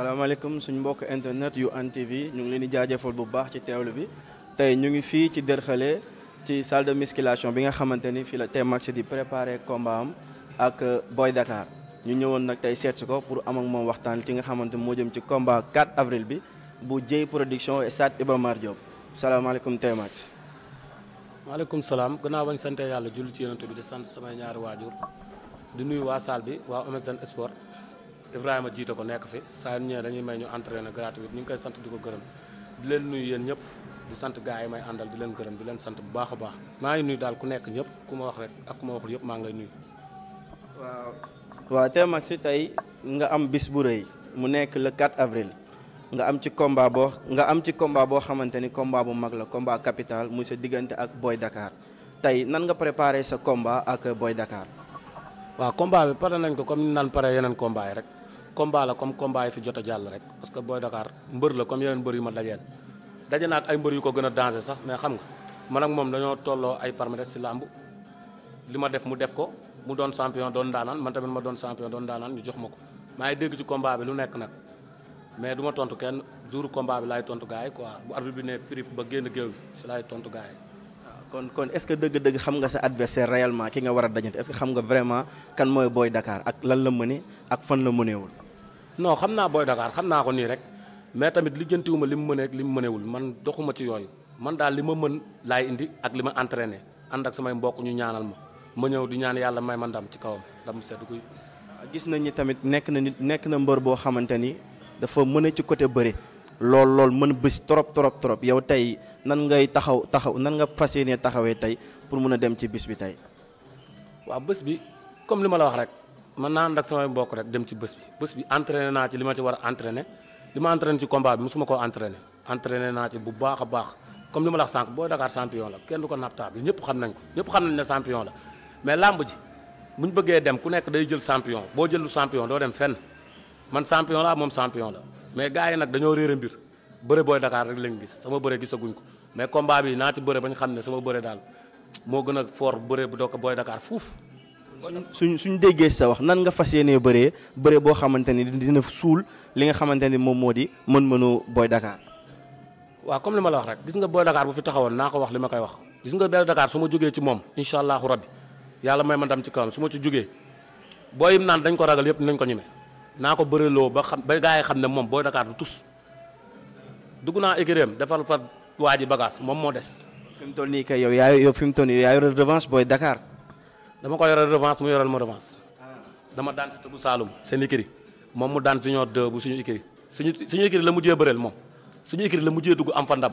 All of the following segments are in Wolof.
alaikum, alaikum. mbokk internet yu internet TV ñu ngi leen di bu baax ci bi ñu ngi ci salle de musculation bi nga la Max préparer combat am Boy Dakar ñu ñëwoon pour am ak waxtaan ci nga combat 4 avril bi bu production et Stade de Mar Diop alaikum Max. alaikum salam. gëna bañ santé Yalla ci bi di sant salle Sport. Ibrahima jito ko nek fi sa ñu dañuy may ñu entraîner gratuit ñu ngi koy sante diko ko gërëm di leen nuyu yeen ñëpp di sante gaay may andal di leen gërëm di leen sante bu baax baax ma ngi nuyu dal ku nek ñëpp ku ma wax rek ak ku ma waxul yëpp ma ngi lay nuyu. waaw waaw tey mag si tey nga am bis bu reuy mu nek le 4 avril nga am ci combat bo nga am ci combat bo xamanteni combat bu mag la combat capital mu se diggante ak Boy Dakar tay nan nga préparer sa combat ak Boy Dakar. wa combat bi paré nañ ko comme ni naan pare yeneen combat yi rek. combat la comme combat yi fi jot a jàll rek parce que Boy Dakar mbër la comme yeneen mbër yu ma dajeel daje naa ak ay mbër yu ko gën a danger sax mais xam nga man ak moom dañoo tolloo ay palmarès ci làmb li ma def mu def ko mu doon champion doon daanaan man tamit ma doon champion doon daanaan ñu jox ma ko maa ngi dégg ci combat bi lu nekk nag mais du tontu kenn jour combat bi laay tontu gars yi quoi bu arbitre bi génn géew laay tontu kon kon est-ce que dëgg-dëgg xam nga sa adversaire réellement ki nga war a dajante est-ce que nga vraiment kan mooy Boy Dakar ak lan la mëne ak fan la mënewul No, xamna boy Dakar xamna ko ni rek mais tamit li li lim meune ak lim mu man doxuma ci yoy man dal lima meun lay indi ak lima entraîner and ak samay mbokk ñu ñaanal ma ma ñew di ñaan yalla may man dam ci kawam dam sedd kuy ah, gis nañ ni tamit nek na nit nek na mbeur bo xamanteni dafa meune ci côté bëre lol lol meun bés trop trop trop yow tay nan ngay taxaw taxaw nan nga fasiyene taxawé tay pour meuna dem ci bis bi tay wa bés bi comme lima la wax rek man naa ànd ak samay mbokk rek dem ci bés bi bés bi entraîné naa ci li ma ci war a entraîné li ma entraîné ci combat bi mosuma koo entraîné entraîné naa ci bu baax baax comme li ma la wax sànq boo Dakar champion la kenn du ko naptable ñëpp xam nañ ko ñëpp xam nañ ne champion la mais làmb ji buñ bëggee dem ku nekk day jël champion boo jëlu champion doo dem fenn man champion la moom champion la mais gars yi nag dañoo réer a mbir bëre booy Dakar rek lañ gis sama bëre gisaguñ ko mais combat bi naa ci bëre bañ xam ne sama bëre daal moo gën a fort bëre bu dokk booy dakaar fuuf suñ suñ déggee sa wax nan nga fas yéenee bëree bëree boo ni dina suul li nga xamante ni moom di mënu Boy Dakar. wa comme lima ma la wax rek gis nga Boy Dakar bu fi taxawoon naa ko wax li ma koy wax gis nga Boy Dakar su ma jógee ci moom incha allahu rabbi yàlla may ma dam ci kawam su ma ci jógee booy yim naan dañ ko ragal yëpp nañ ko ba xam ba Boy Dakar du tus dugg naa écuréem defal fa waa bagage des. fi mu toll nii kay yow yaa yow revanche Boy Dakar dama ko yoral revanche mu yoral mo revanche dama daan busa salum seni kiri. ikiri mom mu daan ñoo de bu suñu ikiri suñu suñu ikiri la jé beurel mom suñu ikiri la jé dugg am fa ndam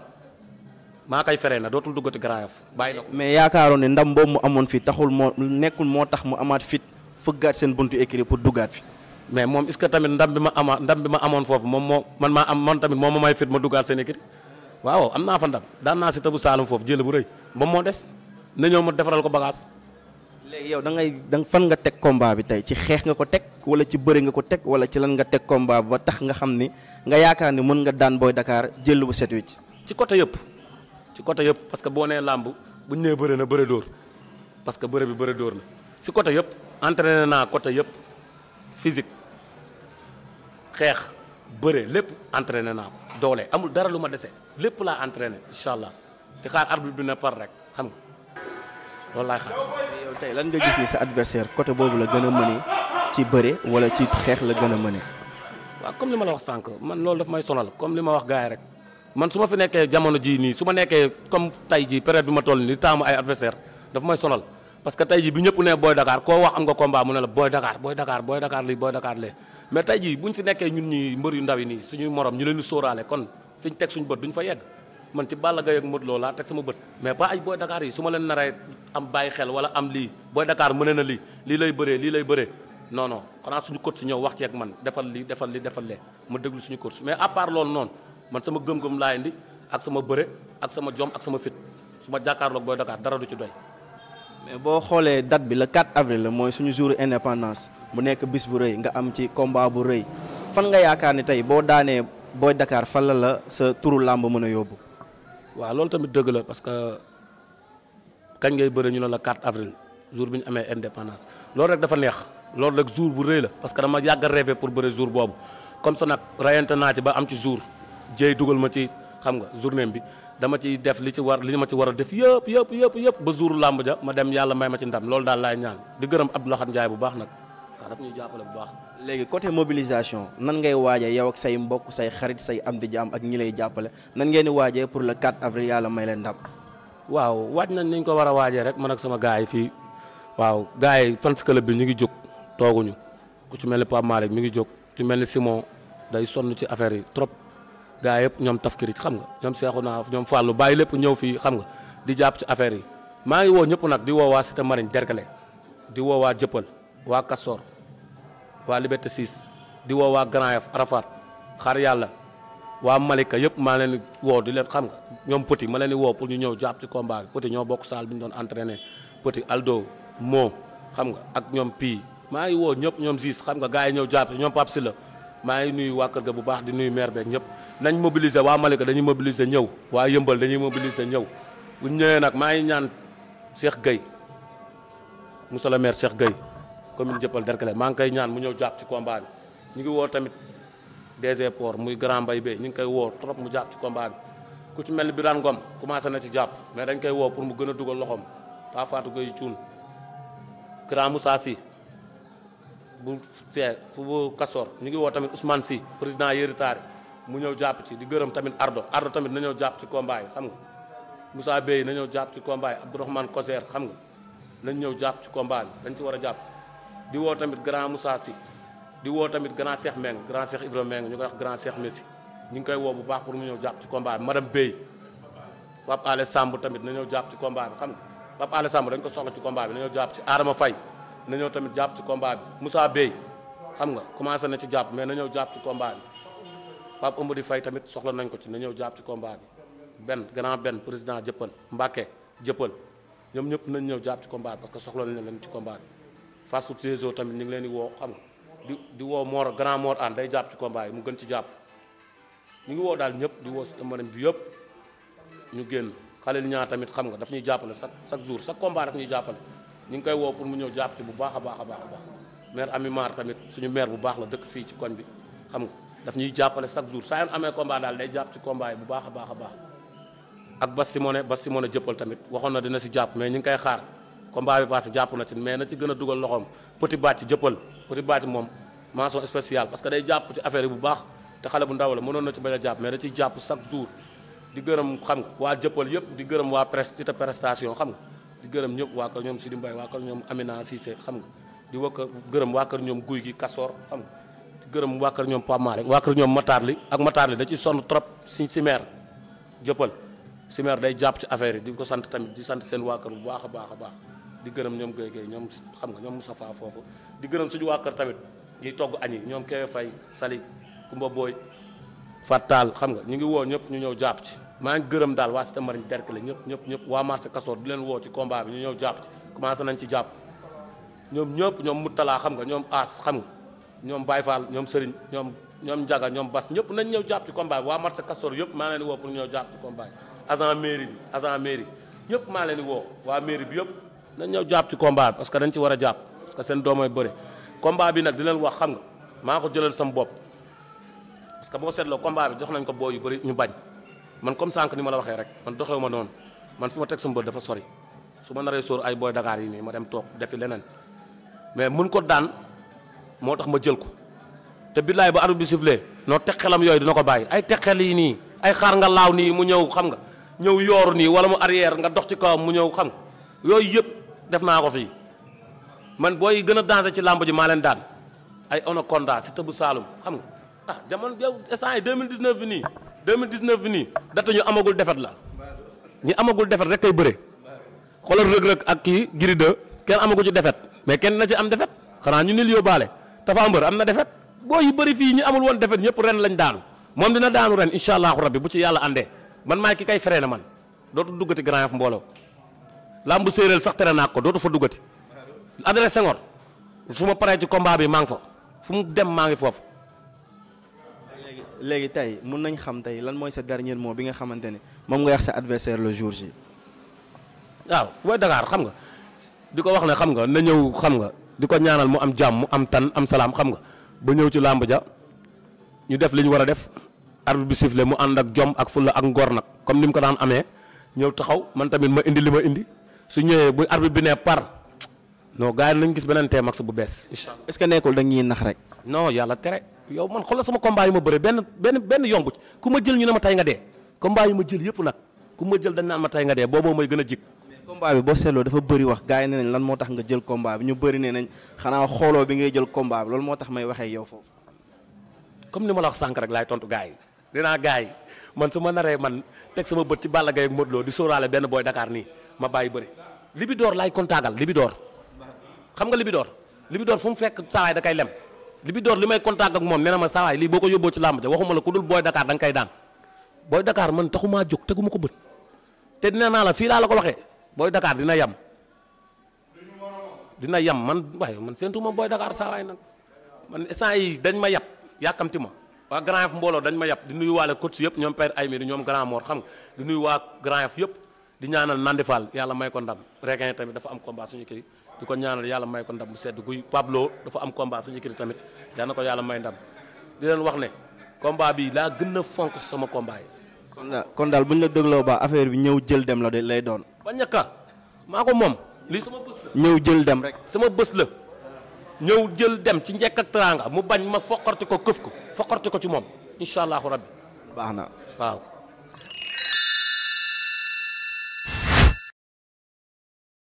ma kay féré na dotul duggati garaayof bàyyi na ko. mais yaakaaroon ne ndam boobu mu amone fi taxul mo nekkul moo tax mu amaat fit Fuga sen buntu ikiri pour duggaat fi. mais mom est-ce que tamit ndam bi ma ama ndam bi ma amoon foofu moom moo man ma am man tamit mom fit ma duggaat sen ikiri waaw amna fa ndam dan na ci tabu salum fofu jël bu reuy mo des na mo ma defaral ko bagage léegi yow da ngay da fan nga teg combat bi tey ci xeex nga ko teg wala ci bëri nga ko teg wala ci lan nga teg combat ba tax nga xam ni nga yaakaar ni mën nga daan booy dakaar jël bu set wicc ci côté yëpp ci côté yëpp parce que boo nee làmb bu buñ nee bëri na bëri dóor parce que bëri bi bëri dóor na si côté yëpp entraîné naa côté yëpp physique xeex bëre lépp entraîné naa ko doole amul dara lu ma dese lépp laa entraîné incha allah di xaar arbitre bi na par rek loolu laay xaar. yow tey lan nga gis ni sa adversaire côté boobu la gën mëne ci bëre wala ci xeex la gëna mëne. wa comme li ma la wax sank man loolu daf may sonal comme li ma wax gaay rek man suma fi nekké jamono ji ni suma nekké comme tay ji période bi ma toll ni taamu ay adversaire daf may sonal. parce que tay ji bi ñëpp né boy Dakar ko wax am nga combat mu ne la boy Dakar boy Dakar boy Dakar li boy Dakar lee mais tay ji buñ fi nekké ñun ñi mbeur yu ndaw yi nii suñuy morom ñu leen di sóoraale kon fiñ tek suñu bëtt duñ fa yegg man ci Balla gay ak Modou lola tek sama bëtt mais pas ay boy Dakar yi suma ma leen naree am bay xel wala am li boy Dakar mëne li li lay beure li lay beure non non xana suñu coach si wax ci ak man defal li defal li defal le ma deglu suñu coach mais à part lool non man sama gëm-gëm laa indi ak sama beure ak sama jom ak sama fit suma dakar lok boy Dakar dara du ci doy. mais bo xolé date bi le 4 avril moy suñu jour indépendance mu nek bis bu reuy nga am ci combat bu reuy fan nga yaakaar ni tey boo daanee Dakar fan la la sa turu làmb mën a yóbbu. waaw tamit deug la parce que. kan ngay beure ñu la 4 avril jour bi amé indépendance lool rek dafa neex lool rek jour bu rëy la parce que dama yag a pour beure jour bobu comme ça nak rayante naa ci ba am ci jour jey duggal ma ci xam nga journée bi dama ci def li ci war li ma ci wara def yëpp yëpp yëpp yëpp ba jour lamb ja ma dem yalla may ma ci ndam lool daal lay ñaan di gërëm Abdoulaye Ndiaye bu baax nak daf ñu jappalé bu baax. légui côté mobilisation nan ngay wajé yow ak say mbokk say xarit say am di jam ak ñi lay jàppale nan ngeen di waajee pour le 4 avril yalla may le ndam. waaw waaj nañ niñ ko wara a rek man ak sama gaay fi fii waaw gars yi club bi ñu ngi jóg tooguñu ku ci melni ni Pape Malick mi ngi jog ci melni Simon day sonn ci affaire yi trop gaay yëpp ñom tafkiri xam nga ñom seexu ñom Fallu fàllu lepp ñew fi xam nga di japp ci affaire yi ma ngi wo ñëpp nak di wo wa Cité Marine dergalé di wo wa Jëppal wa Kassor wa Liberté 6 di wo wa Grand Yoff Arafat xar yalla waa Malika yëpp maa leen woo di leen xam nga ñoom Petit ma leen di woo pour ñu ñëw jàpp ci combat bi Petit ñoo bokk salle bi ñu doon entraîné Petit Aldo moo xam nga ak ñoom Pii maa ngi woo ñëpp ñoom Ziz xam nga gars yi ñëw jàpp ci ñoom Pape Sylla maa ngi nuyu waa kër ga bu baax di nuyu maire beeg ñëpp nañ mobiliser waa Malika dañuy mobiliser ñëw waa Yëmbal dañuy mobiliser ñëw bu ñëwee nag maa ngi ñaan Cheikh Gueye mu solo maire Cheikh Gueye commune Dieuppeul Derklé maa ngi koy ñaan mu ñëw jàpp ci combat des efforts muy grand mbay bay ñu ngi koy wo trop mu japp ci combat bi ku ci mel bi ran gom commencé na ci japp mais dañ koy wo pour mu gëna duggal loxom ta taa faatu koy cuun grand Moussa si bu fee bu Kassor ñu ngi wo tamit Ousmane si président Yéritari mu ñew japp ci di gëreum tamit Ardo Ardo tamit na ñew japp ci combat yi xam nga Moussa Bey na ñew japp ci combat yi Abdourahmane Koser xam nga nañ ñew japp ci combat dañ ci wara japp di wo tamit grand Moussa si di woo tamit grand Cheikh Meng grand Cheikh Ibrahima Meng ñu koy wax grand Cheikh Messi ñu ngi koy woo bu baax pour mu ñëw jàpp ci combat bi madame Bey Pape Alé Samb tamit na ñëw jàpp ci combat bi xam nga Samb dañ ko soxla ci combat bi jàpp ci Adama Faye na ñëw tamit jàpp ci combat bi Moussa Bey xam nga commencé na ci jàpp mais na ñëw jàpp ci combat bi Pape Amady Faye tamit soxla nañ ko ci na ñëw jàpp ci combat bi benn grand benn président jëppal Mbacké jëppal ñoom ñëpp nañ ñëw jàpp ci combat bi parce que soxla nañ leen ci combat bi Fassou Cézo tamit ñu ngi leen di woo xam di di woo Mor grand Mor an day jàpp ci combat mu gën ci jàpp ñu ngi woo daal ñëpp di woo si marine bi yëpp ñu génn xale li ñaa tamit xam nga daf ñuy jàppale chaque chaque jour chaque ñuy jàppale ñu ngi koy woo pour mu ñëw jàpp ci bu baax baax a baax a baax maire tamit suñu maire bu baax la dëkk fii ci koñ bi xam nga daf ñuy jàppale chaque jour saa yoon amee combat daal day jàpp ci combat bu baax a baax a baax ak Bas Simone Bas Simone jëppal tamit waxoon na dina si jàpp mais ñu ngi koy xaar combat bi passé jàpp na ci mais na ci gën a dugal loxoom petit bàcc jëppal petit bàcc moom mention spéciale parce que day jàpp ci affaire yi bu baax te xale bu ndaw la mënoon na ci bañ a jàpp jàpp chaque jour di gërëm xam waa jëppal yëpp di gërëm waa presse ci ta prestation xam nga gërëm ñëpp waa kër ñoom Sidi Mbaye waa kër ñoom Amina Cissé xam nga di wakk gërëm waa kër ñoom guy gi Kasoor xam gërëm waa kër ñoom Pamar waa kër ñoom Matar li ak Matar li da ciy sonn trop si si maire jëppal day jàpp ci affaire yi di ko sant tamit di sant seen waa kër bu baax a baax a baax di gërëm ñoom Guèye Guèye ñoom xam nga ñoom Moussa Fall foofu di gërëm suñu waa kër tamit ñi togg añ yi ñoom Kewe fay Sali Kumba Booy Fatal xam nga ñu ngi woo ñëpp ñu ñëw jàpp ci maa ngi gërëm daal waa Cité Marine Derklé ñëpp ñëpp ñëpp waa marché Kasoor di woo ci combat bi ñu ñëw jàpp ci commencé nañ ci jàpp ñoom ñëpp ñoom Moutala xam nga ñoom As xam nga ñoom Baye Fall ñoom Serigne ñoom ñoom Njaga ñoom Bas ñëpp nañ ñëw jàpp ci combat bi waa marché Kasoor yëpp maa leen di woo pour ñu ñëw jàpp ci combat bi agent mairie maa leen di woo waa mairie bi yëpp dañ ñëw jàpp ci combat bi parce que dañ ci war a jàpp parce que seen doomay bëri combat bi nag di leen wax xam nga maa ko jëlal sam bopp parce que boo seetloo combat bi jox nañ ko boo yu bëri ñu bañ man comme sànq ni ma la waxee rek man doxewu ma man fi ma teg sama dafa sori su ma naree ay boy Dakar yi nii ma dem toog defi leneen mais mun ko daan moo tax ma jël ko te billaay ba arbitre bi sifflé noo texelam yooyu dina ko bàyyi ay texel yi nii ay xaar nga laaw nii mu ñëw xam nga ñëw yooru nii wala mu arrière nga dox ci kawam mu ñëw xam nga yooyu def naa ko fii man booy gën a dansé ci làmb ji maa leen daan ay Onaconda si tëbu Saalum xam nga ah jamono yow instant yi 2019 bi nii 2019 bi nii data ñu amagul defet la ñu amagul defet rek kay bëre xoolal rëg-rëg ak kii giri de kenn amagul ci defet mais kenn na ci am defet xanaa ñu nil yóbbaale Tapha Mbeur am na defet boo yu bëri fii ñu amul woon defet ñëpp ren lañ daanu moom dina daanu ren incha allahu rabbi bu ci yàlla àndee man maay ki kay feree na man dootu duggati Grand làmb séeréer sax tere naa ko dootu fa duggati adresse Senghor su ma paree ci combat bi maa ngi fa fu mu dem maa ngi foofu. léegi léegi tey mun nañ xam tey lan mooy sa dernier mot bi nga xamante ne moom nga yax sa adversaire le jour J. waaw booy Dakar xam nga di ko wax ne xam nga na ñëw xam nga di ko ñaanal mu am jàmm mu am tan am salaam xam nga ba ñëw ci làmb ja ñu def li ñu war a def. arbitre bi sifflé mu ànd ak jom ak fulla ak ngor nag comme ni mu ko daan amee ñëw taxaw man tamit ma indi li ma indi. su ñëwee bu arbitre bi ne par non gars yi nañ gis beneen teemax bu bees incha allah. que nekkul da ñuy nax rek. non yàlla tere yow man xoolal sama combat yu ma bëre benn benn benn yomb ku ma jël ñu ne ma tay nga dee combat ma jël yëpp nag ku ma jël dañ naan ma tay nga dee booboo may gën a jik combat bi boo seetloo dafa bëri wax gars yi ne nañ lan moo tax nga jël combat bi ñu bëri ne nañ xanaa xooloo bi ngay jël combat bi loolu moo tax may waxee yow foofu. comme ni ma la wax sànq rek laay tontu gars yi dinaa gars yi man su ma naree man teg sama bët ci Balla Gaye ak Modou Lo di sóoraale benn booy Dakar nii ma bàyyi bëri libidoor laay kontaagal libidoor xam nga libidoor libidoor fu mu fekk saawaay da kay lem libidoor li may contact ak moom nee na ma saawaay lii boo ko yóbboo ci làmb te waxuma la ku dul booy Dakar da nga koy daan booy Dakar man taxumaa jóg teguma ko bët te dina naa la fii laa la ko waxee booy Dakar dina yam dina yam man waaye man seentuma booy Dakar saawaay nag man instant yi dañ ma yab yàkkamti ma waa Grand Yoff mbooloo dañ ma yab di nuyu waale coach yëpp ñoom Père Aymiri ñoom di ñaanal Nandi Fall yalla may ko ndam Requin tamit dafa am combat suñu kiri di ko ñaanal yalla may ko ndam sedd guy Pablo dafa am combat suñu kiri tamit yal na ko may ndam di len wax ne combat bi la Kondal fonk sama combat yi. kon daal kon buñ la deglo ba affaire bi ñew jël dem la de lay doon. ba ñaka mako mom li sama bëss la. ñew jël dem rek. sama bëss la ñew jël dem ci ñek ak tranga mu bañ ma foqarti ko keuf ko foqarti ko ci mom rabbi. baxna waaw.